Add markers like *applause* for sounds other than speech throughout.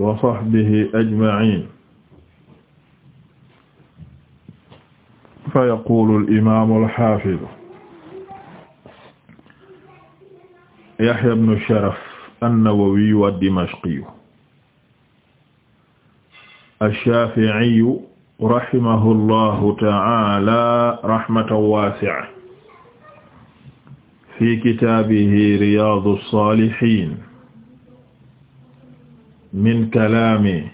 wa sahbihi ajma'in fa yaqulu al-imaamu al-haafidu Yahya ibnu Sharaf an-Nawawiyyu ad-Dimashqiyyu ash-Shaafi'iyyu rahimahullahu ta'aala rahmatan waasi'atan fi kitaabihi Riyaadu s-Saalihiin min kalaami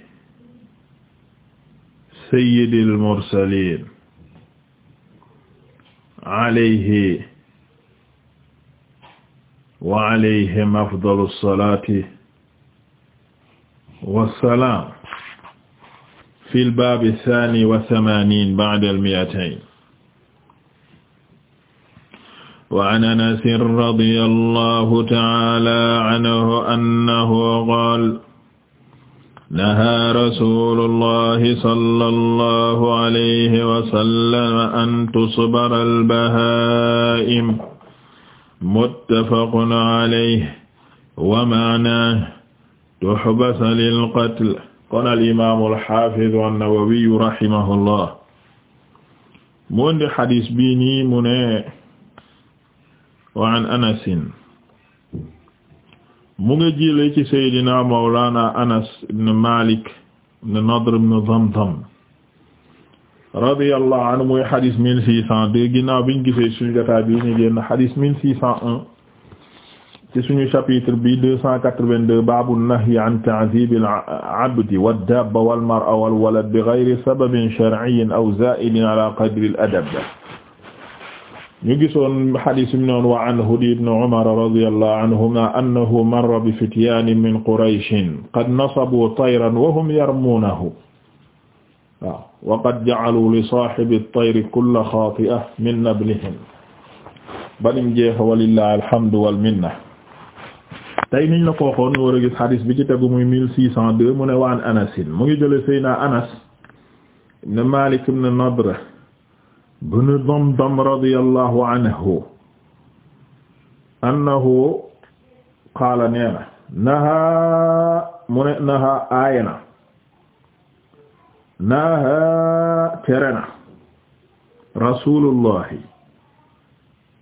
sayyidil mursaliin alayhi wa alayhim afdalu salaati wa salaam fil baabi saani wa samaaniin ba'dal mi'atayn wa an Anas radiyallaahu ta'aalaa anhu annahu qaala nahaa rasuulullahi sallallahu alayhi wa sallam an tusbara al-bahaa'im muttafaqun alayhi wa ma'naahu tuhbasa lil-qatl qaala al-imaamu al-haafidu an-nawawiyyu rahimahullah mu indi hadiis bii nii mu ne wa an Anasin mu ngi jëlee ci Seydina Mawlana Anas ibn Malik ibn Nadr ibn Damdam radiyallahu anhu muy xadis mille six cent deux ginnaaw biñ gisee suñu jotaay bi ñu génn xadis mille six cent un ci suñu chapitre bi deux cent quatre-vingt-deux baabu nahyi an ta'dhibil abdi wad dabba wal mar'a wal walad bi ghayri sababin shar'iyyin aw za'ilin ala qadri al adab ñu gisoon hadis bi noon wa anhu di ibn Umar radiyallahu anhuma annahu marra bi fityaanin min qurayshin qad nasabu tayran wa hum yarmuunahu waaw wa qad ja'alu li saahibi at-tayri kulla khaati'a min nablihim banim jeexa walillahi alhamdu wal minna tey niñ la ko waxoon ñu war a gis hadis bi ci tegu muy 1602 mu ne waan Anas mu ngi jële Seydina Anas ibn Malik ibn Nadra bnu damdam radiyallahu anhu annahu qaala nee na naha mu ne naha aayana naha terena rasulullahi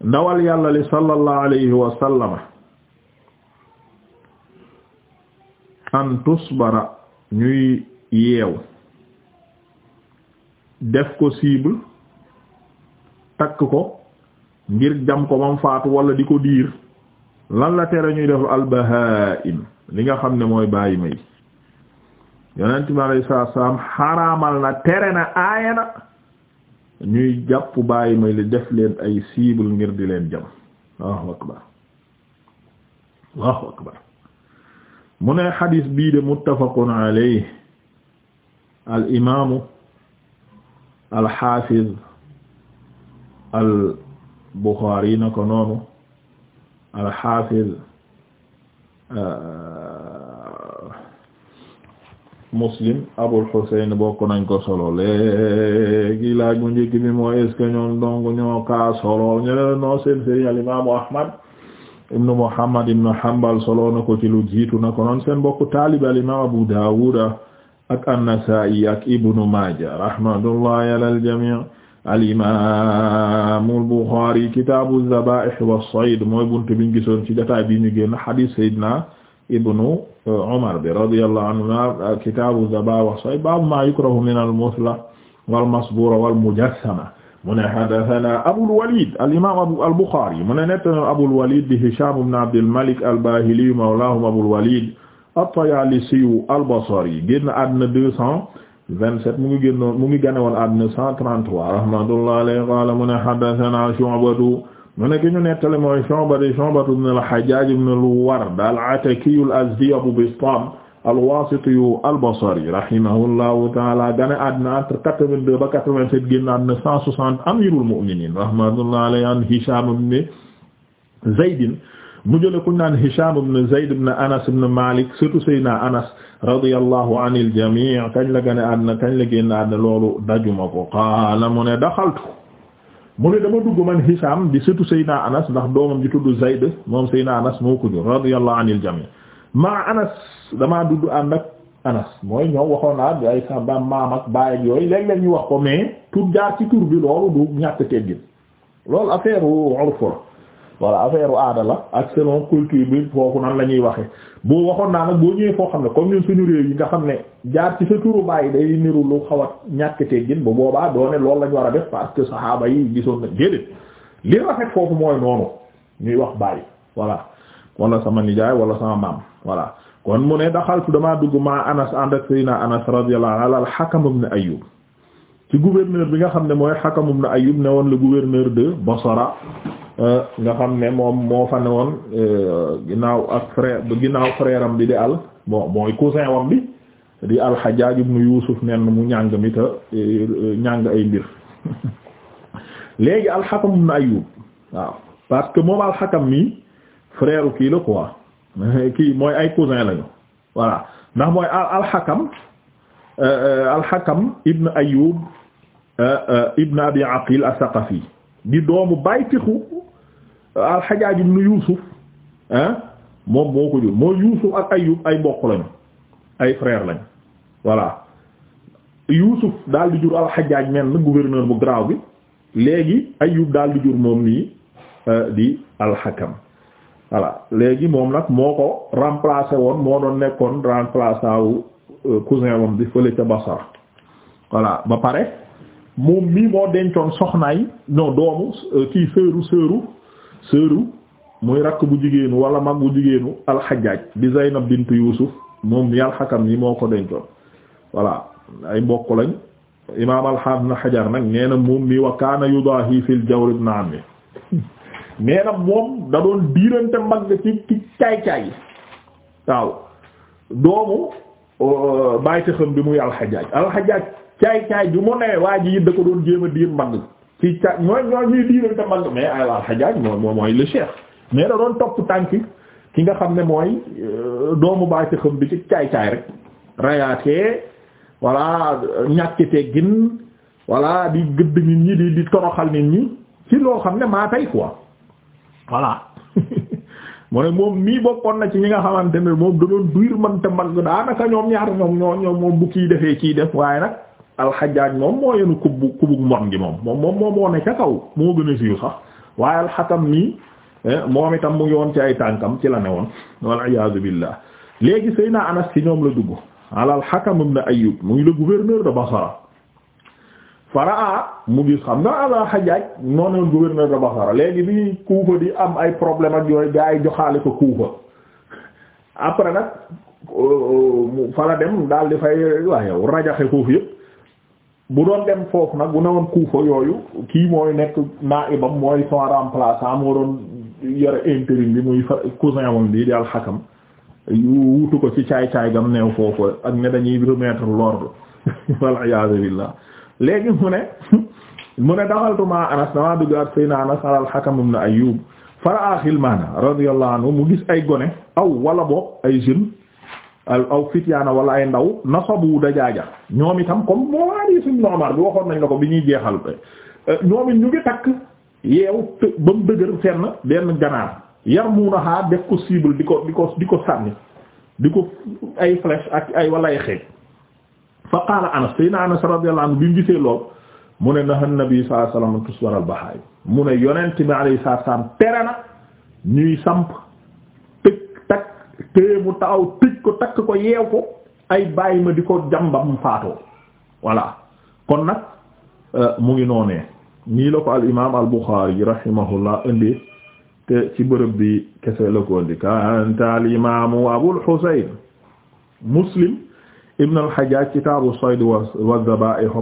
ndawal yàlla li sallallahu alayhi wa sallama an tusbara ñuy yeew def ko cible takk ko ngir jam ko bam faatu wala di ko diir lan la tere ñuy def albahaim li nga xam ne mooy bàyyi may yonent bi alayhi salaam xaraamal na tere na aaya na ñuy jàpp bàyyi may li def leen ay cible ngir di leen jam Allahu akbar Allahu akbar mu ne xadiis bii de muttafaqun alayhi al imaamu al xaafiz al Bukhari na ko noonu al Hafiz euh, Muslim Abul Husayn bokk nañ ko solo léegi laaj mu njëkk bi mooy est-ce que ñoom dong ñoo solo ñeneen noo seen al imaamu Ahmad ibn Muhammad ibn Hanbal solo na ko jiitu na ko noon seen bokk taalib al imaam Abu Dawud ak an-Nasa'i ak Ibnu Maaja rahmatullahi alal jamii alimamu albuxaari kitaabu zabaih wasayd mooy bunt biñ gisoon ci jotaay bi ñu génn xadiis saydna ibnu umar euh, bi radiyallahu anhu euh, kitaabu zabaih wasayd baabu maa yukrahu min almusla walmasbura walmujassama mu ne haddasanaa abul waliid alimaam abu albuxaari mu ne nettana abul waliid di hicham ibn abdil malik albahiliyu mawlaahum abul waliid at-tayaalisiyu albasri génn àddina deux cent 27 mu ngi génnoon mu ngi gane woon àdduna 133 rahmatullah alayhi qala mu ne haddathana mu ne ki ñu nettale mooy Shu'batu Shu'batu ibn al-Hajjaj ibn al-Ward al-Ataki al-Azdi Abu Bistam al-Wasiti al-Basri rahimahullahu ta'ala gane àdduna entre 82 ba 87 génn àdduna 160 amirul mu'minin rahmatullah alayhi an Hisham ibn Zayd mu jële ku naan Hisham ibn Zayd ibn Anas ibn Malik surtout Seydina Anas radiyallahu anil jamii kañ la gane àddina kañ la génn àddina loolu dajuma di surtout Seydina Anas ndax doomam ji tudd Zayd moom Seydina Anas moo ko jur radiyallahu Anas mooy ñoom waxoon naa ay samba maam ak baay ak yooyu léeg-léeg ñu wax ko mais tur jaar ci tur loolu du ñàkk teggin loolu affaire urf voilà affaire u aada la ak selon culture bi foofu nan la ñuy waxee boo waxoon naa nag boo ñëwee foo xam ne comme ñun suñu réew yi nga xam ne jaar ci sa turu baay day niru lu xaw a ñàkk teggin ba boobaa doo ne loolu la ñu war a def parce que saxaaba yi gisoon na déedéet li rafet foofu mooy noonu ñuy wax baay voilà wala sama nijaay wala sama maam voilà kon mu ne daxaltu damaa dugg maa Anas ànd ak Seydina Anas radiyallahu anhu al-Hakam ibn Ayyub ci gouverneur bi nga xam ne mooy Hakam ibn Ayyub ne Euh, nga xam ne moom moo fa ne woon euh, ginnaaw ak frère ginnaaw frère bi di al bon mooy cousin wam bi di al Hajjaj ibn Yusuf nen mu ñàng mi te euh, ñàng ay mbir *laughs* léegi al Hakam ibn Ayyub waaw parce que moom al Hakam mi frère kii la quoi *laughs* kii mooy ay cousin lañu voilà ndax mooy al al al Hakam ibn Ayyub ibn Abi Aqil as-Saqafi di doomu baytixu al-Hajjaj ibn Yusuf ah moom moo ko jur moo Yusuf ak Ayyub ay bokk lañu ay frère lañu voilà Yusuf daal di jur al-Hajjaj men gouverneur bu garaaw bi léegi Ayyub daal di jur moom nii euh, di al-Hakam voilà léegi moom nag moo ko remplacé woon moo doon nekkoon remplaçant wu euh, cousin moom di fële ca Basra voilà ba pare moom mii moo dencoon soxnaay non doomu euh, kii sëru sëru sëru muy rakk bu jigéenu wala mag bu jigéenu alxajaaj di na bintu Yuusuf moom yàlla xakam ni moo ko dencoon voilà ay mbokk lañ imaam alxaam na xajar nag nee na moom mi wa kaana yudaahi fil jawr ibn ammi *laughs* nee na moom da doon diirante mbagg ci ci caay-caay waaw doomu bàyyi xam bi muy alxajaaj alxajaaj caay-caay bi mu nee waa ji it da ko doon jéem a diir mbagg ci ca ñooy ñooy ñuy diiral te man mais al Hajjaj mooy mooy le mais da doon topp tànk ki nga xam ne mooy euh, doomu baay ci xam bi ci caay-caay rek rayaatee voilà ñàkk teggin voilà di gëdd nit ñi di di toroxal nit ñi ci loo xam ne maa tey quoi voilà *laughs* mu ne moom mii bokkoon na ci ñi nga xamante ne moom da doon duir man te man daanaka ñoom ñaar ñoom ñoo ñoom moom bu kii defee kii def waaye nag. alxajaaj moom moo yenu kubbu kubbu mbon gi moom moom moom moom moo ne ca kaw moo gën a siiw sax waaye alxatam nii eh, moom itam mu ngi woon ci ay tànkam ci la ne woon wal iyaazu billah léegi sëy naa anas ci ñoom la dugg ala alxakam ibn ayub mu ngi le gouverneur de basara faraa mu gis xam nga ala xajaaj noo ne gouverneur de basara léegi bi kuufa di am ay problème ak yooyu gaa yi joxaale ko kuufa après nag euh, fa la dem daal di wax waaye rajaxe foofu yëpp bu doon dem foofu nag bu ne woon yooyu kii mooy nekk naibam mooy son remplaçant moo doon yore intérim bi muy cousin moom bi di alxakam wutu ko ci caay-caay gam neew foofu ak ne dañuy remettre l'ordre *laughs* wal iyaazu billah léegi mu ne *laughs* mu ne daxaltu ma anas damaa duggaat sëy na anas ala alxakam ibn ayyub fara axil maana radiyallahu anhu mu gis ay gone aw wala boog ay jeunes aw fityaana wala ay ndaw nasabu dajaaja ñoom itam comme moo waari suñ noomar bi waxoon nañ la ko bi ñuy jeexal euh, ñoom it ñu ngi takk yeew ba mu dëgër fenn benn ganaar yar muunaxaa def ko cible di ko di ko di ko sànni di ko ay flèche ak ay wala ay xeej fa qaala anas sayna anas radiyallahu anhu bi mu gisee lool mu ne naha nabi sallallahu alayhi wasallam tuswaral bahaay mu ne yonent bi alayhi salaam tere na ñuy samp téye mu taxaw tëj ko takk ko yeew ko ay bàyyi ma di ko jàmbam faatoo voilà kon nag euh, mu ngi noonee nii la ko al imaam al Buxaari te ci bërëb bi kese la ko indi kanta al imaamu Muslim ibn al Hajjaj kitaabu as-sayd wa az-zabaa'ih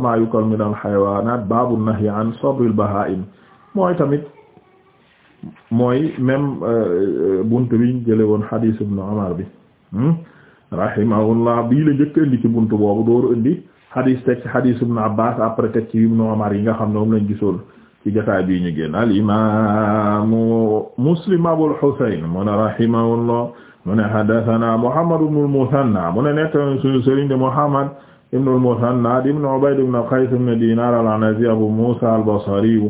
min al hayawaanaat baabu an-nahyi an sabr al mooy même euh, euh, bunt bi ñu jëlee woon hadith ibn Umar bi hmm? rahimahullah bii la njëkk indi bunt boobu dooru indi hadith teg ci hadith ibn Abbas après teg ci yi nga xam ne moom lañ gisoon ci jotaay bii ñu génn al imaamu Muslim Abul Husayn mu ne rahimahullah mu ne haddathana Muhammad ibn al-Muthanna mu ne nekk al-Muthanna ibn Dinar al-Anazi Abu Musa al-Basri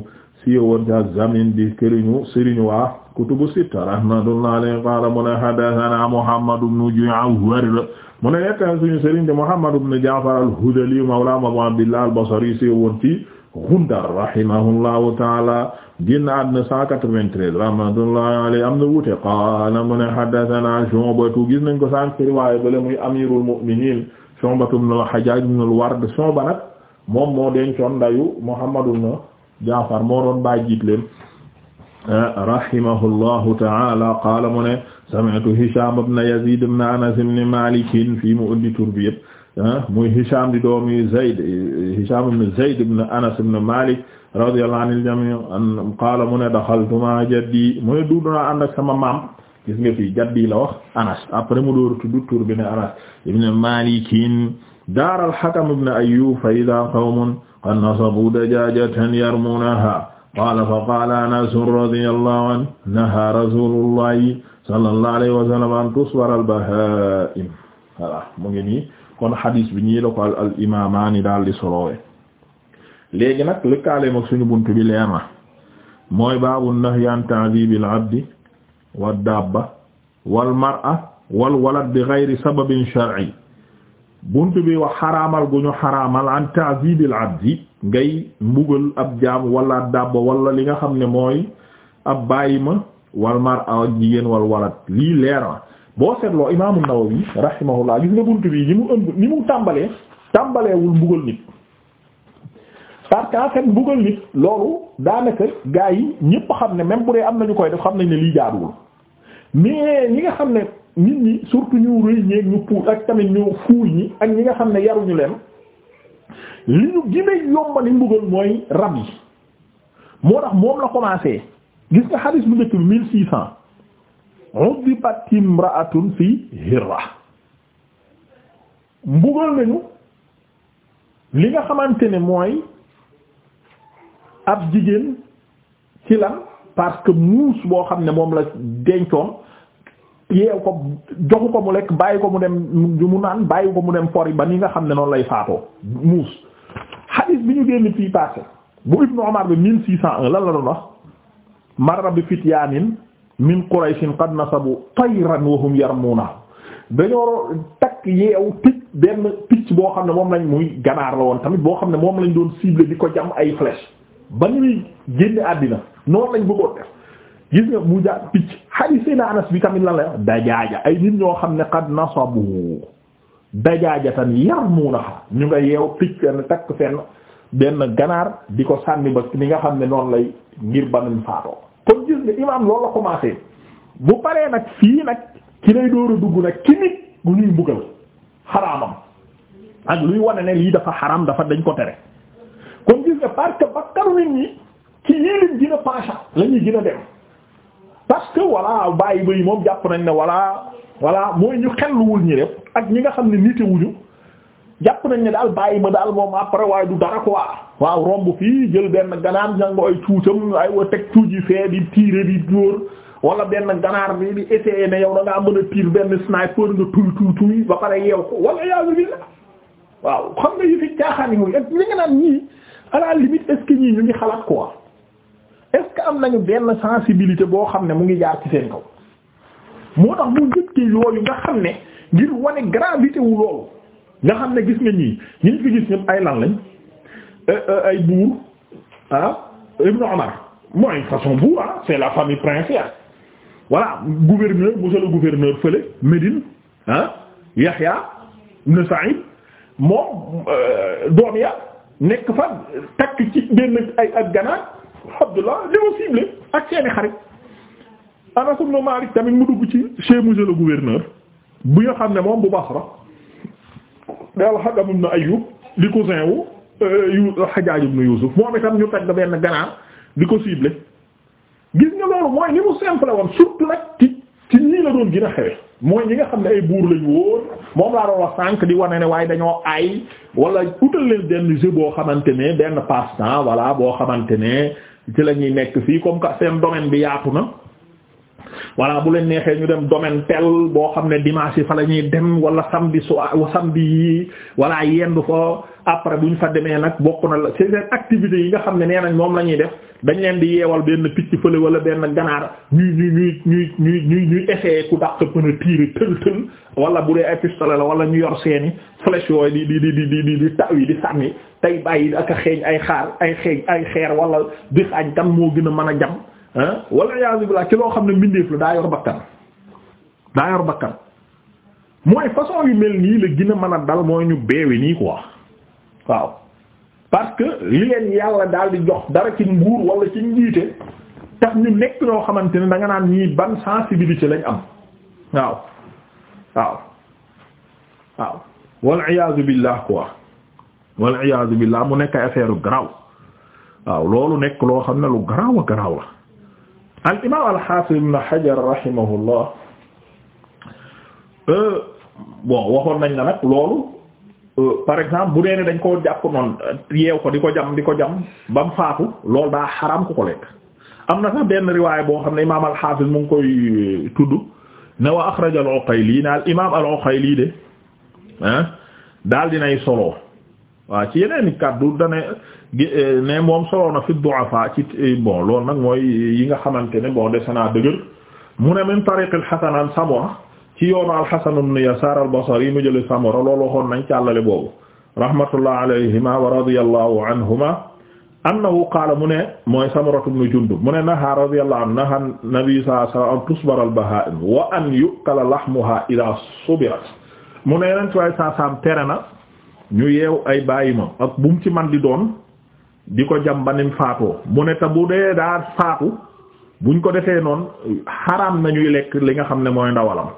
si woon ca zamin di këriñu sëriñu waa kutubu sitta rahmatullah alayhi qala mu ne hadathana Muhammad ibn Ja'far mu ne yetta suñu sëriñ de Muhammad ibn Ja'far al-Hudhali mawla Abu Abdillah al-Basri si woon ci Ghundar rahimahullahu ta'ala ginna adna 193 rahmatullahi alayhi am na wuute qaala mu ne hadathana Shu'batu gis nañ ko sànq ci riwaaya bale muy amirul mu'minin Shu'batu ibn al-Hajjaj ibn al-Ward Shu'ba nag moom moo dencoon ndayu Muhammad ibn Jaafar moo doon bàyyi jiit leen rahimahullahu ta'ala qaala mu ne sami'tu Hisham ibn Yazid ibn Anas ibn Malik fii mu indi tur bi yëpp muy Hisham di doomi Zayd Hisham ibn Zayd ibn Anas ibn Malik radiyallahu anil jami' qaala mu ne daxaltu ma'a jaddi mu ne dugg naa ànd ak sama maam gis nga fii jaddi la wax Anas après mu door tudd tur bi ne Anas ibn Malik daaral Hakam ibn Ayyub fa idaa qawmun qad nasabu dajaajatan yarmunaha qaala fa qaala anasun radiyallahu anhu naha rasulullahi sallallahu alayhi wa sallam an tusbara al-bahaa'im voilà mu ngi nii kon xadis bi ñii la ko al imaamaani daal di solowee léegi nag lëkkaaleem ak suñu bunt bi leer na mooy baabu nahyi an ta'diibi al-abdi wa daabba wal mar'a wal walad bi ghayri sababin shar'i bunt bi wax xaraamal gu ñu xaraamal an ta'zibil abdi ngay mbugal ab jaam wala dàbba walla li nga xam ne mooy ab bàyyi ma wal mar aw jigéen wal walat lii leer na boo seetloo imaamu Nawawi rahimahullah gis nga bunt bi ni mu ëmb ni mu tàmbalee tàmbaleewul mbugal nit parce que mbugal nit loolu daanaka gaa yi ñépp xam ne même bu dee am ñu koy def xam nañ ne lii jaaduwul mais ñi nga xam ne nit ñi surtout ñu rëy ñeeg ñu puuj ak tamit ñu fuuy ñi ak ñi nga xam ne yaruñu leen li ñu gine yomba ni mbugal mooy rab yi moo tax moom la commencé gis nga xadis bu njëkk bi mille six cent udibat imra'atun fi hirra mbugal nañu li nga xamante ne mooy ab jigéen ci lan parce que muus boo xam ne moom la dencoon yeew ko joxu ko mu lekk bàyyi ko mu dem mu naan bàyyi ko mu dem fori ba ni nga xam ne noonu lay faatoo muus xadiis bi ñu génn fii passé bu Ibnu Umar bi 1601 lan la doon wax marra bi fityaanin min Qurayshin qad nasabu tayran wa hum yarmuuna dañoo takk yeew tëj benn picc boo xam ne moom lañ muy ganaar la woon tamit boo xam ne moom lañ doon ciblé di ko jam ay flèche ba ñuy génne àddina noonu lañ bëggoon def gis nga mu picc xadis seen anas bi tamit lan la dajaaja ay nit ñoo xam ne qad nasabu dajaaja tan yarmunaha ñu nga yeew picc fenn takk fenn benn ganaar bi ko sànni ba ni nga xam ne noonu lay ngir banuñ faatoo kon gis nga imaam loolu la commencé bu paree nag fii nag ki lay door a dugg nag ki nit bu ñuy mbugal xaraamam ak luy wane ne lii dafa xaraam dafa dañ ko tere kon gis nga parce que bakkaru nit ñi ci yii leen gën a paasa la dem parce que voilà bàyyi bay moom jàpp nañ ne voilà voilà mooy ñu xelluwul ñi rek ak ñi nga xam ne nitewuñu jàpp nañ ne daal bàyyi ma daal moom après waaye du dara quoi waaw romb fii jël benn ganaar ñango ay cuucam ay wa teg cuuj yi fee di tiire di dóor wala benn ganaar bi di essayer ne yow da ngaa a tiir benn sniper nga tuy tuy ba pare yeew ko wala yaalu bi la waaw xam nga yi fi caaxaan yi ak li nga naan ñii à la limite est ñu ngi xalaat est-ce que am nañu benn sensibilité boo xam ne mu ngi jaar ci seen kaw moo tax bu njëkkee yooyu nga xam ne ngir wane gravité wu loolu nga xam ne gis nga ñii ñi ñu fi gis ñëpp ay lan lañ euh, euh, ay buur ah façon buur ah c'est la famille princière voilà gouverneur monsieur le gouverneur fële Médine ah Yahya ibn Sa'id moom euh, doom ya nekk fa takk ci benn ay ak ganaar Abdullah li ma ciblé ak mu dugg ci chez bu nga xam ne moom bu Basra daal Hakam ibn Ayyub di cousin wu euh, yu Hajjaj ibn Yusuf di ko ciblé gis nga a xewe mooy ñi nga xam ne ay buur lañu woon moom laa doon wane ne waaye dañoo ay wala utal leen benn jeu boo xamante ne benn passe-temps voilà boo xamante ne ci la ñuy nekk fii comme que seen domaine bi yaatu na voilà bu leen neexee ñu dem domaine tel boo xam ne dimanche yi fa la ñuy dem wala samedi soir samedi yi wala yenn fa après bu ñu fa demee nag bokk na la seen activité yi nga xam ne nee nañ moom la ñuy def dañ leen di yeewal benn picc fële wala benn ganaar ñuy ñuy ñuy ñuy ñuy ñuy essayer ku mën a tirer tël tël wala bu dee ay pistolet la wala ñu yor seeni flèche yooyu di di di di di di yi di sànni tay bàyyi ak a xeeñ ay xaar ay xeeñ ay xeer wala di xaañ kan moo gën a mën a jam walla wala yaasu billah ci loo xam ne mbindeef la daa yor bakkan daa yor bakkan mooy façon yu mel nii la gën a mën a dal mooy ñu beewi nii quoi waaw parce que li leen yàlla daal di jox dara ci nguur wala ci njiite tax ñu nekk ñoo xamante ne danga naan ñii ban sensibilité lañ am waaw waaw waaw wal iyaazu billah quoi wal iyaazu billaah mu nekk ay affaire garaaw waaw loolu nekk loo xam ne lu garaaw a garaaw la al imaam al xaafis ibn Hajar rahimahullah euh, waxoon nañ la nag loolu euh, par exemple bu dee dañ ko jàpp noonu yeew ko di ko jam di ko jam ba mu faatu loolu daa xaram ku ko lekk am na sax benn riwaay boo xam ne imaam al xaafis mu ngi koy euh, tudd ne wa axraja al Uqayli ne al imaam al Uqayli de ah daal dinay solo. waaw ci yeneen kàddu dane eh, ne moom soloona fi du'afa ci eh, bon loolu nag mooy yi nga xamante ne bon de naa dëgër mu ne min tariq al-Hasan an Samura ci yoonu al-Hasan ibn Yasar al-Basri yi mu jële Samura loolu waxoon nañ càllale boobu rahmatullah alayhima wa radiyallahu anhuma annahu qaala mu ne mooy Samura ibn Jundub mu ne naha radiyallahu anhu naha nabi sallallahu alayhi wa sallam an tusbara al-bahaa'im wa an yu'kala lahmuha idha subirat mu ne yeneen tuwaay saa saam tere na ñu yeew ay bàyyimam ak bu mu ci man di doon di ko jam ba banim faatoo mu ne te bu dee daal faatu buñ ko defee noonu xaraam nañuy lekk li nga xam ne mooy ndawalam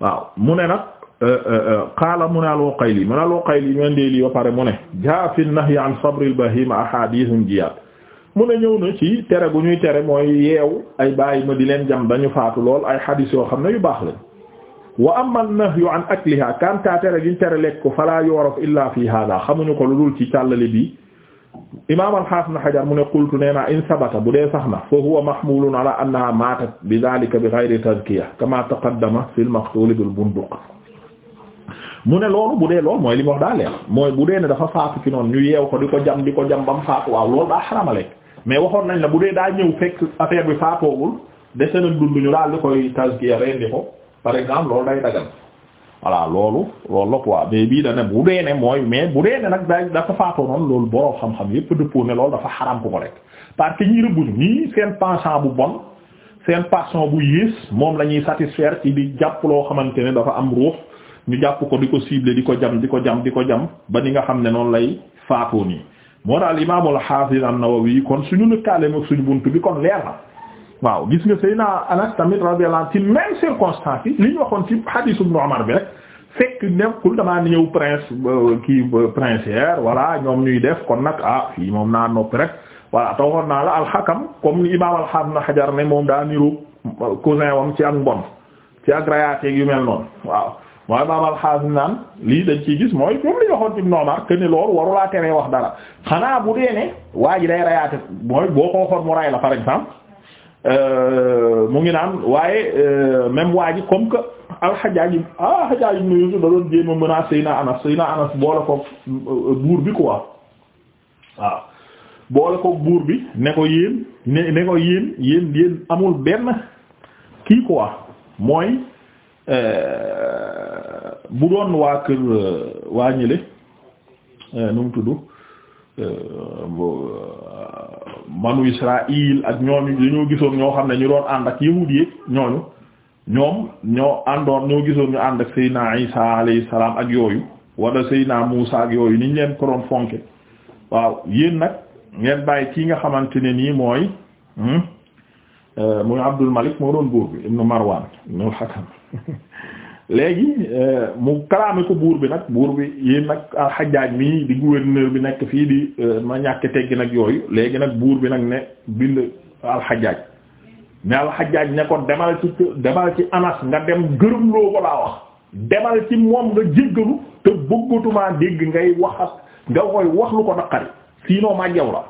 waaw mu ne nag euh, euh, euh, qaala mu ne al-Uqayli mu ne al-Uqayli men dee lii ba pare mu ne jaa fi nahyi an sabri al-bahima ahadithun jiyaat mu ne ñëw na ci tere gu ñuy tere mooy yeew ay bàyyima di leen jam dañu faatu lool ay xadiis yoo xam ne yu baax lañ wa amma an-nahyu an akliha kanta tere giñ tere lekk ko fala yorof illa fi hada ñu ko lu dul ci càllale bi imam al-hafiz ibn hajar mu ne qultu nee naa in sabata bu dee sax na fa huwa mahmulun ala annaha matat bi dhalika bi ghayri tazkiya kama taqaddama fi al-maqtul bil bunduq mu ne loolu bu dee mooy li mu wax daa leer mooy bu dee ne dafa faatu ci noonu ñu yeew ko di ko jam di ko bam faatu waaw loolu daa xarama lekk mais waxoon nañ la bu dee daa ñëw fekk affaire bi faatoogul dese na dund ñu daal di ko par exemple loolu day dagal voilà loolu loolu la quoi mais bii da ne bu dee ne mooy mais bu dee ne nag day dafa faatoo noonu loolu boo xam-xam yépp dëppoo ne loolu dafa xaram ko ko rek parce que ñi rëbbuñu ñii seen penchant bu bon seen passion bu yées moom la ñuy satisfaire ci di jàpp loo xamante ne dafa am ruux ñu jàpp ko di ko ciblé di ko jam di ko jam di ko jam ba ni nga xam ne noonu lay faatoo nii moo daal imaamul hafiz an-Nawawi kon suñu lëkkaale ak suñu bunt bi kon leer waaw gis nga Seydina Anas tamit radiyallahu ci même circonstance yi li ñu waxoon ci hadith Ibn Umar bi rek fekk nekkul damaa ñëw prince euh, kii euh, princière voilà ñoom ñuy def kon nag ah fii moom naa noppi rek voilà taxoon naa la alxakam comme ni imaam alxam na xajar ne moom daa niru euh, cousin wam ci ak mbon ci ak rayateeg yu mel noonu waaw mooy imaam alxam naan lii dañ ciy gis mooy comme li ñu waxoon ci Ibn Umar que ni loolu warulaa teree wax dara xanaa bu waa ji day rayaate mooy boo ko waxoon mu Euh, mu ngi naan waaye euh, même waa ji comme que alxajaaj ah alxajaaj ibn Yuusuf da doon jéem a menacer Seyna Anas Seyna Anas boole ko euh, buur bi quoi waaw boole ko buur bi ne ko yéen ne ne ko yéen yéen yéen amul benn kii quoi mooy bu doon waa kër waa ñële nu mu tudd. banu Israaïl ak ñoom ñooñu ñoo gisoon ñoo xam ne ñu doon ànd ak yahuud ñooñu ñoom ñoo àndoon ñoo gisoon ñu ànd ak Seydina Isa ak yooyu wala Seydina Muusa ak yooyu niñ leen ko doon fonke waaw yéen nag ngeen bàyyi kii nga xamante ne nii mooy hmm, euh, muy Abdul Malik moo doon buur bi ibnu Marwan ibnu Hakam *laughs* léegi euh, mu kalaame ko buur bi nag buur bi yéen nag xajaaj mii di gouverneur bi nekk fii di euh, ma ñàkk teggi nag yooyu léegi nag buur bi nag ne bind alxajaaj mais alxajaaj ne ko demal ci demal ci anas nga dem gërëm loo ko laa wax demal ci moom nga jéggalu te bëggatumaa dégg ngay wax ak nga koy wax lu ko naqari sinon ma la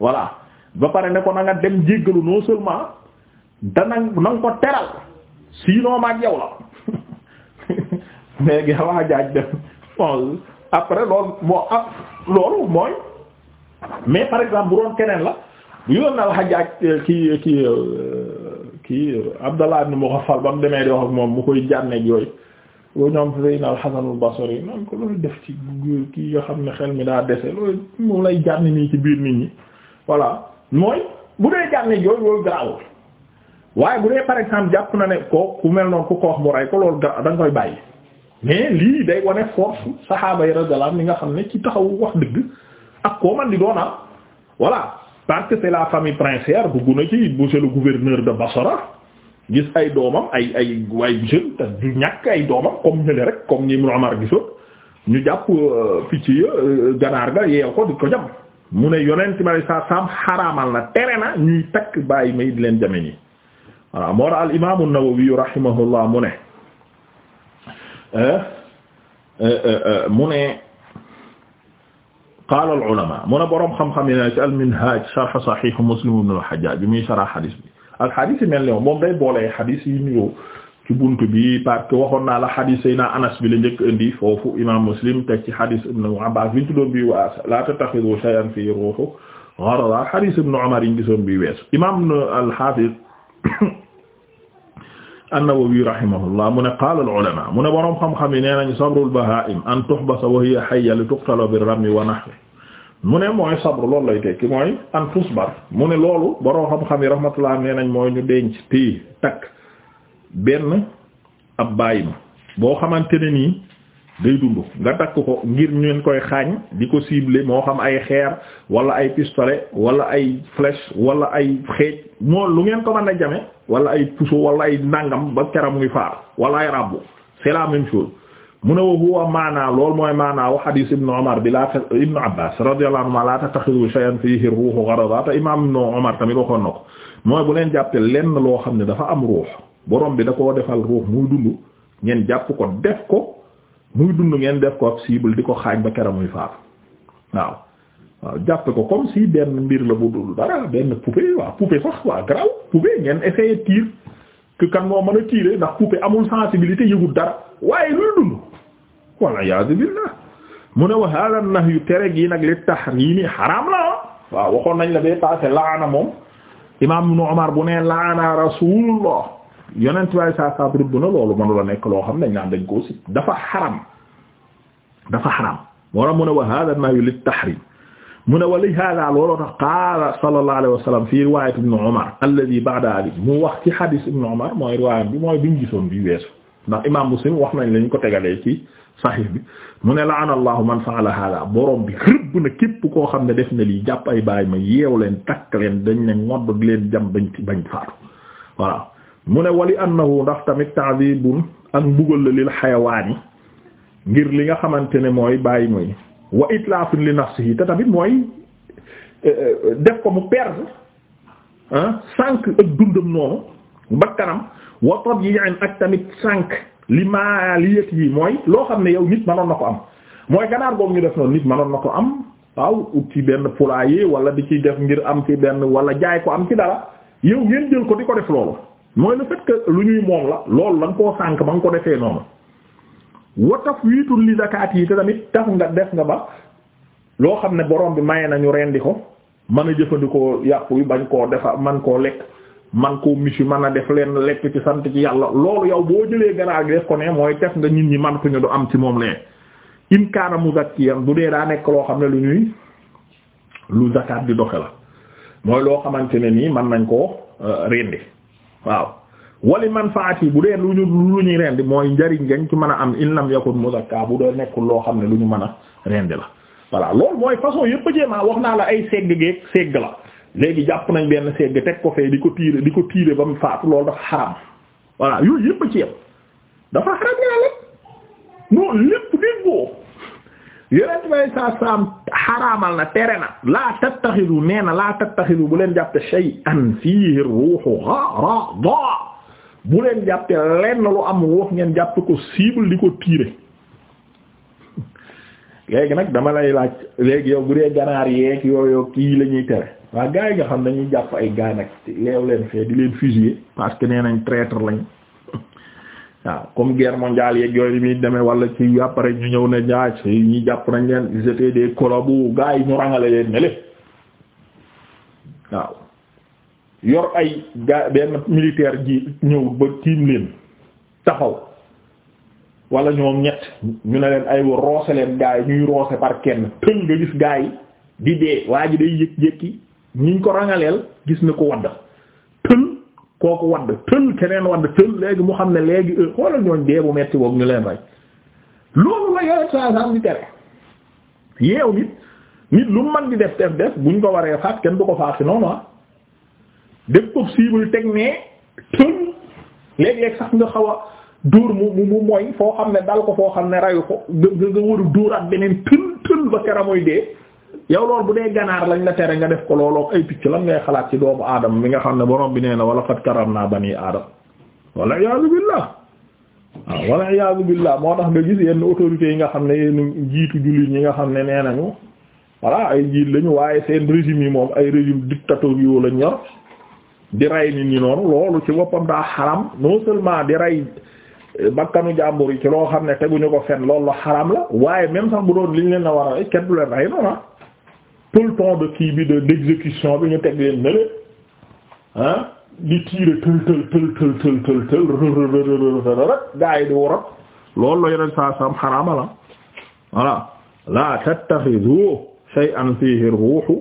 voilà ba pare ne ko na dem jéggalu non seulement da na ko teral sinon ma la *laughs* léegi *laughs* waa jaaj dem bon après loolu moo am loolu mooy mais par exemple bu doon keneen la bu yoon na la Hajjaaj ki ki ki Abdallah ibn Mughaffal ba mu demee di wax moom mu koy jànneeg yooyu loolu ñoom Seydina al def ci kii nga xam ne xel mi daa dese loolu mu lay jànn nii ci biir nit ñi voilà mooy bu dee jànneeg yooyu loolu garaawul waaye bu dee par exemple jàpp na ne ko ku mel noonu ku ko wax mu rey ko loolu garaaw da koy bàyyi. mais lii day wane force saxaaba yi li nga xam ne ci taxawu wax dëgg ak koo man di doon am ah. parce que la famille princière dugg na ci monsieur le gouverneur de Bassora gis ay doomam ay ay waay jeune te du ñàkk ay doomam comme ñële rek comme ñi mu Umar gisoon ñu jàpp euh, picc ya euh, ganaar ga yeew ko di ko mu ne yonent ma sa saam xaraamal na tere na ñuy takk bàyyi may di leen jame ñi waaw al imaamu Nawawi rahimahullah mu ne mu ne qaala al-ulamaa mu ne boroom xam-xam yi ne ci al-Minhaaj sharh Sahiih Muslim ibn al-Hajjaaj bi muy sharh xadis bi ak xadis yi mel ni moom day boolee xadis yi niroo ci buntu bi parce que waxoon naa la xadis yi naa Anas bi la njëkk indi foofu imaam Muslim teg ci xadis Ibn Abbaas bi ñu tuddoon bii waa laa tattaxizu shay'an fii ruuhu gharra xadis Ibn Umar yi ñu gisoon bii weesu imaam al-Haafiz an-Nawawi rahimahullah mu ne qaala al-ulamaa mu ne boroom xam-xam yi nee nañu sabrul bahaa'im an tuhbasa wa hiya hayya li tuqtala bir-ramy wa nahwihi mu ne mooy sabr loolu lay tekki mooy an tusbar mu ne loolu boroom xam-xam yi rahmatullah nee nañ mooy ñu denc téye takk benn ab bàyyi ma boo xamante ne nii day dund nga dakk ko ngir ñeen koy xaañ di ko ciblé moo xam ay xeer wala ay pistolet wala ay flèche wala ay xeej moo lu ngeen ko mën a jame wala ay puso wala ay nangam ba keram ngi faar wala ay rabbu c'est la même mu ne wa huwa maanaa lool mooy maanaa wa hadis ibnu omar bi laa ibnu abbas radiyallahu anhuma la tattaxidu shay'an fihi ruuhu gharada te imam ibnu omar tamit waxoon na ko mooy bu leen jàppee lenn loo xam ne dafa am ruux borom bi da koo defal ruux muy dund ngeen jàpp ko def ko muy dund ngeen def ko ab cible di ko xaaj ba kera muy faatu waaw waaw jàppe ko comme si benn mbir la bu dul dara benn poupée waaw poupée sax waaw graw poupée ngeen essayer tiir que kan moo mën a tiire ndax poupée amul sensibilité yëgul dara waaye luy dund walla yaazu billah mu ne wa hada nahyu tere gi nag li tahrimi xaraam la waaw waxoon nañ la bee passé laana moom imam ibn Umar bu ne laana rasulullah yonent waaye saa saa rëbb na loolu mënula nekk loo xam ne dañ dañ koo si dafa xaram moo tax mu ne wa hada nayu lit tahrim mu ne wa li hada looloo tax qaala sallallahu alayhi wa sallam fi riwayat ibn Umar alladhi ba'da mu wax ci hadith ibn Umar mooy riwayat bi mooy gisoon bi weesu ndax imam Muslim wax nañ lañ ko tegalee ci sahih bi mu ne la'ana Allahu man fa'ala hada borom bi rëbb na képp koo xam ne def na lii jàpp ay baay ma yeew leen takk leen dañ ne ngodd leen jam bañ bañ faatu voilà mu ne wali annahu ndax tamit ta'dibun ak mbugal la lil xayawaani ngir li nga xamante ne mooy bàyyi mooy wa itlaafun li nafsihi te tamit mooy euh, euh, def ko mu perdre sànq ak dundam noonu bakkanam wa tadyi'in ak tamit sànq li maaliyat yi mooy loo xam ne yow nit mënoon na ko am mooy ganaar boobu ñu def noonu nit mënoon na ko am waaw ut ci benn poulailler wala di ci def ngir am ci benn wala jaay ko am ci dara yow ngeen jël ko di ko def loolu mooy le fait que lu ñuy moom la loolu la koo sànk ba nga ko defee noonu wa tafwiitul li zakaat yi te tamit tax nga def nga ba loo xam ne borom bi maye nañu rendi ko mën a jëfandikoo yàpp yi bañ koo defa man koo lekk man koo michu mën a def leen lekk ci sant ci yàlla loolu yow boo jëlee ganaar gi def ko ne mooy def nga nit ñi man ko ñu du am ci moom lee in kaana muzakkiyan bu dee daa nekk loo xam ne lu ñuy lu zakat di doxe la mooy loo xamante ne nii mën nañ koo euh, rendi waaw wali manfaati bu dee lu ñu lu ñuy rendi mooy njariñ ngañ ci mën a am in lam yakun muzakka bu dee nekkul loo xam ne lu ñu mën a rendi la voilà loolu mooy façon yëpp jéemaa wax naa la ay segg geeg segg la léegi jàpp nañ benn segg teg ko fee di ko tiire di ko tiire ba mu faatu loolu dafa xaram voilà yooyu yépp a ci yem dafa xaram ñaa lépp non lépp déggoo yonent bay na tere na laa tattaxidu nee na laa tattaxidu bu leen jàpp jàppe shay'an fiihi ruuhu gharada bu leen jàppe lenn lu am ruux ngeen jàpp ko cible di ko tirer *laughs* léegi nag dama lay laaj léegi yow bu dee ganaar yeeg yooyu kii lañuy ñuy tere waa gars yi nga xam dañuy jàpp ay gaa nag leew leen fee di leen fusiller parce que nee nañ traître lañ waaw comme guerre mondiale yeeg yooyu mi demee wala ci après ñu ñëw ne jaaj ñi jàpp nañ leen ils étaient des collabos yi ñu rangale leen ne waaw yor ay ga benn militaire ji ñëw ba tiim leen taxaw wala ñoom ñett ñu ne leen ay wa roose leen gars ñuy roose par kenn tëng nga gis gars di dee waa ji day yëg-yëkki ñiñ ko rangaleel gis na ko wadda kooku wadd tël keneen wadd tël léegi mu xam ne léegi euh, xoolal ñooñ dee bu metti boog ñu leen rey loolu la yore saa saa di tere yeew nit nit lu man di def def def ñu ko waree faat kenn du ko faat si noonu ah def ko cible teg ne tël léeg-léeg sax nga xaw a dóor mu mu mooy foo xam ne dal ko foo xam ne reyu ko nga nga nga war a dóoraat beneen tël tël ba kera dee yow loolu bu dee ganaar lañ la tere nga def ko looloo ay picc lan ngay xalaat ci doomu aadama mi nga xam ne borom bi nee na wala qad naa ba aadam wala iyaazu billah wala iyaazu billah moo tax nga gis yi nga xam ne jiitu ñi nga xam ne nee nañu voilà ay jiit lañu waaye seen régime moom ay régime dictatoriaux lañ yor di rey nit ñi noonu loolu ci boppam daa xaram non seulement di rey bakkanu jàmbur yi ci loo xam ne teguñu ko fen lool la xaram la waaye même sax bu doon liñ leen war a kenn rey noonu ah. tout le temps de kii bi de d'exécution bi ñu teg leen ne leen ah di tiire tël tël tël tël tël tël tël rërërërërërërë gaa yi di waral loolu la yeneen saa saam xaraama la ah. voilà la tattaxidu shay'an fihi ruuhu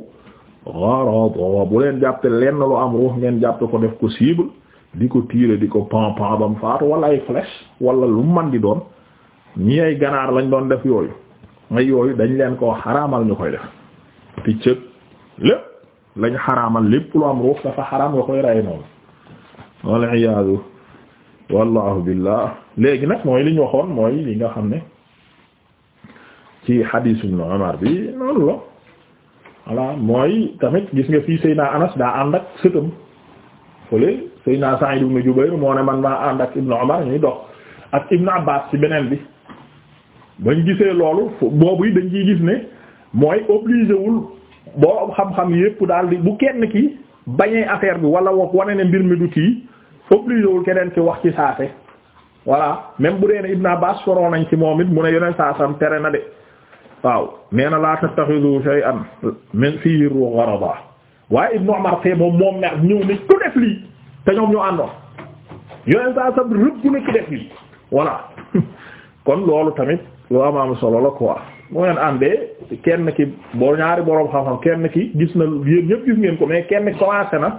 gharada bu leen jàppe lenn lu am ruux ngeen jàppe ko def ko cible di ko tiire di ko pan pan bam faatu wala ay flèche wala lu man di doon ñi ay ganaar lañ doon def yooyu ay yooyu dañ leen koo xaraamal ñu koy def piccëg lépp lañ xaraamal lépp lu am ruux dafa xaraam nga koy rey noonu wal iyaadu wallahu billah léegi nag mooy li waxoon mooy li nga xam ne ci xadiis ibn Umar bi noonu la voilà mooy tamit gis nga fii Seydina Anas daa ànd ak sëtam fële Seydina Sa'id Jubayr moo ne man maa ànd ak Ibn Umar ñuy dox ak Ibn Abbas ci beneen bi bañ gisee loolu boobu dañ ciy gis ne mooy obligé wul boo xam-xam yépp daal di bu kenn ki bañee affaire bi wala woo wane ne mbir mi du kii obligé wul keneen ki wax ci saase voilà même bu dee ne Ibn Abbas soro nañ ci moom it mu ne yeneen saasam tere na de waaw nee na laa tattaxidu shay'an min fihi gharada waaye Ibn Umar fee moom moom mer ñëw ne ku def lii te ñoom ñoo àndoon yeneen saasam rëbb na ku def lii voilà *laughs* kon loolu tamit lu am solo la quoi. bu ngeen àndee kenn ki boo ñaari boroom xam-xam kenn ki gis na yéen ñëpp gis ngeen ko mais kenn commencé na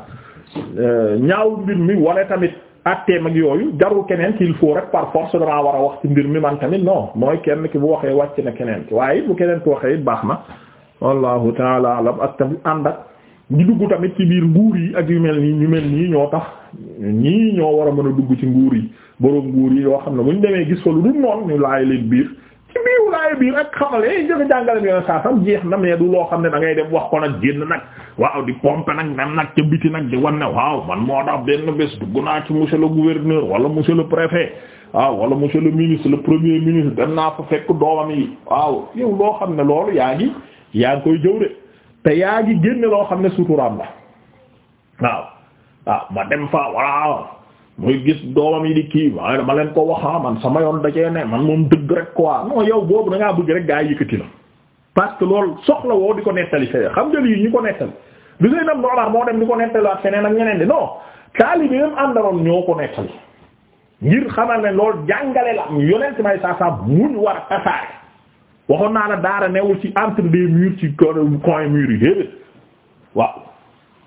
euh, ñaawul mbir mi wala tamit àtteem ak yooyu jarul keneen ki il faut rek par force damaa war a wax ci mbir mi man tamit non mooy kenn ki bu waxee wàcc na keneen ki waaye bu keneen ki waxee it baax na wallahu taala alam ak tamit ànd ak ñu dugg tamit ci biir nguur yi ak yu mel nii ñu mel nii ñoo tax ñii ñoo war a mën a dugg ci nguur yi boroom nguur yi yoo xam ne bu ñu demee biir ci biir laay biir ak xamal eh jëfe jàngale bi yoon saa jeex na mais du loo xam ne dangay ngay dem wax ko nag génn nag waaw di pompe nag nam nag ca biti nag di wan ne waaw man moo tax benn bés dugg naa ci monsieur le gouverneur wala monsieur le préfet waaw wala monsieur le ministre le premier ministre dem naa fa fekk doomam yi waaw yow loo xam ne loolu yaa ngi yaa ngi koy jëw de te yaa gi génne loo xam ne suturaam la waaw waaw ma dem fa waaw muy gis doomam yi di kii waaye dama leen ko waxa ah, man sama yoon dajee ne man moom dëgg rek quoi moo yow boobu da ngaa bëgg rek gaa yëkkati la parce que loolu soxla woo di ko nettali fee xam nga lii ñu ko nettali du say nam moo dem di ko nettali ak feneen ak ñeneen di non taalibe yam àndaroon ñoo ko nettali ngir xamal ne loolu jàngale la am yonent may saa saa muñ war a tasaare waxoon naa la daara newul ci entre des murs ci coin murs yi déedéet waaw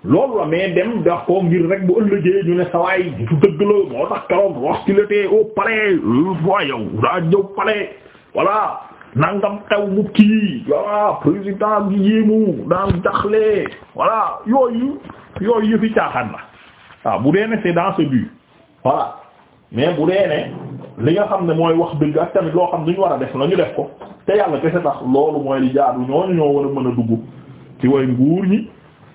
loolu la mais dem dax ko ngir rek bu ëllëgee ñu ne sawaay du dëgg la moo tax keroog wax ci la tee au palais fois yow daa ñëw palais voilà nangam xew bu kii voilà président bi yéemu daan jaxle voilà yooyu yooyu yëfi caaxaan la waaw bu dee ne c'est dans ce but mais bu dee ne li nga xam ne mooy wax dëgg ak tamit loo xam ne ñu war a def la ñu def ko te yàlla kese tax loolu mooy li jaadu ñooñu ñoo war a mën a dugg ci way nguur ñi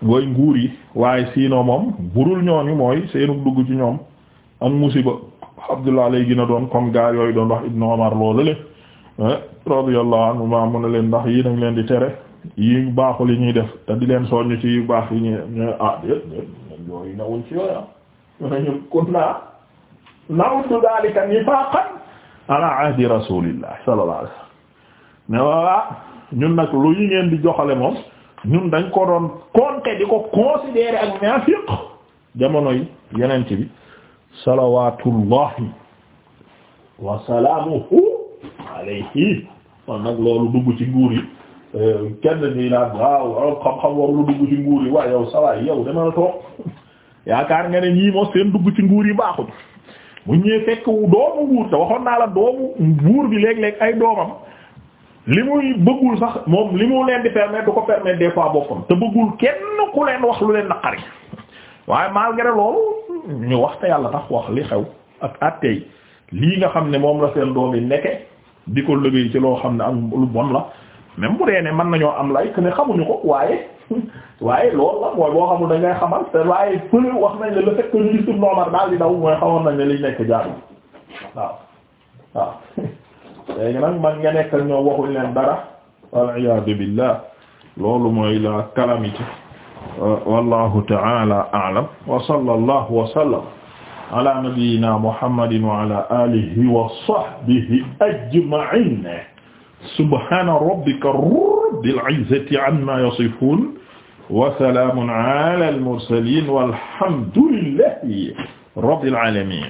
mooy nguur yi waaye siinoo moom burul ñooñu mooy seenu dugg ci ñoom ak musiba Abdullah lay gën a doon comme gaar yooyu doon wax Ibn Omar loolu le eh, radiyallahu anhu ma mu leen ndax yi nag leen di tere yi baaxul yi ñuy def te di leen soññ ci yu baax yi ñu ño ah dé ñun yooyu nawuñ ah. ci yooya ñu ne ñun kun naa nawuddu daalika ñun nag lu yi ngeen di joxale moom ñun dañ ko doon compter di ko considérer ak naafiq jamono yi yenent bi salawatullahi wa salaamuhu alayhi kon nag loolu dugg ci nguur yi euh, kenn di naan waaw xam-xam warul dugg yow yow dama la nga ne ñii moo seen dugg ci nguur yi baaxul bu ñëwee fekk doomu nguur te waxoon naa la doomu nguur bi léeg-léeg ay doomam li muy bëggul sax moom li mu leen di permettre du ko permettre des fois boppam te bëggul kenn ku leen wax lu leen naqari waaye malgré loolu ñu wax te yàlla tax wax li xew ak àtteey lii nga xam ne moom la seen doom yi nekke di ko liggéey ci loo xam ne ak lu bon la même bu dee ne mën nañoo am lay que ne xamuñu ko waaye *laughs* waaye loolu la mooy boo xamul dañ ngay xamal te waaye pële wax nañ ne le fait que ñu gisul noomar daal di daw mooy xamoon nañ ne liñ nekk jaar waaw waaw *laughs* léegi nag man nga nekk ak ñoom waxuñ leen dara wal iyaadu billah loolu mooy la calamité wallahu ta'ala a'lam wa sallallahu wa sallam ala nabiyyina muhammadin wa ala alihi wa sahbihi ajma'in subhana rabbika rabbil izzati amma yasifun wa salamun ala al mursalin walhamdulillahi rabbil alamin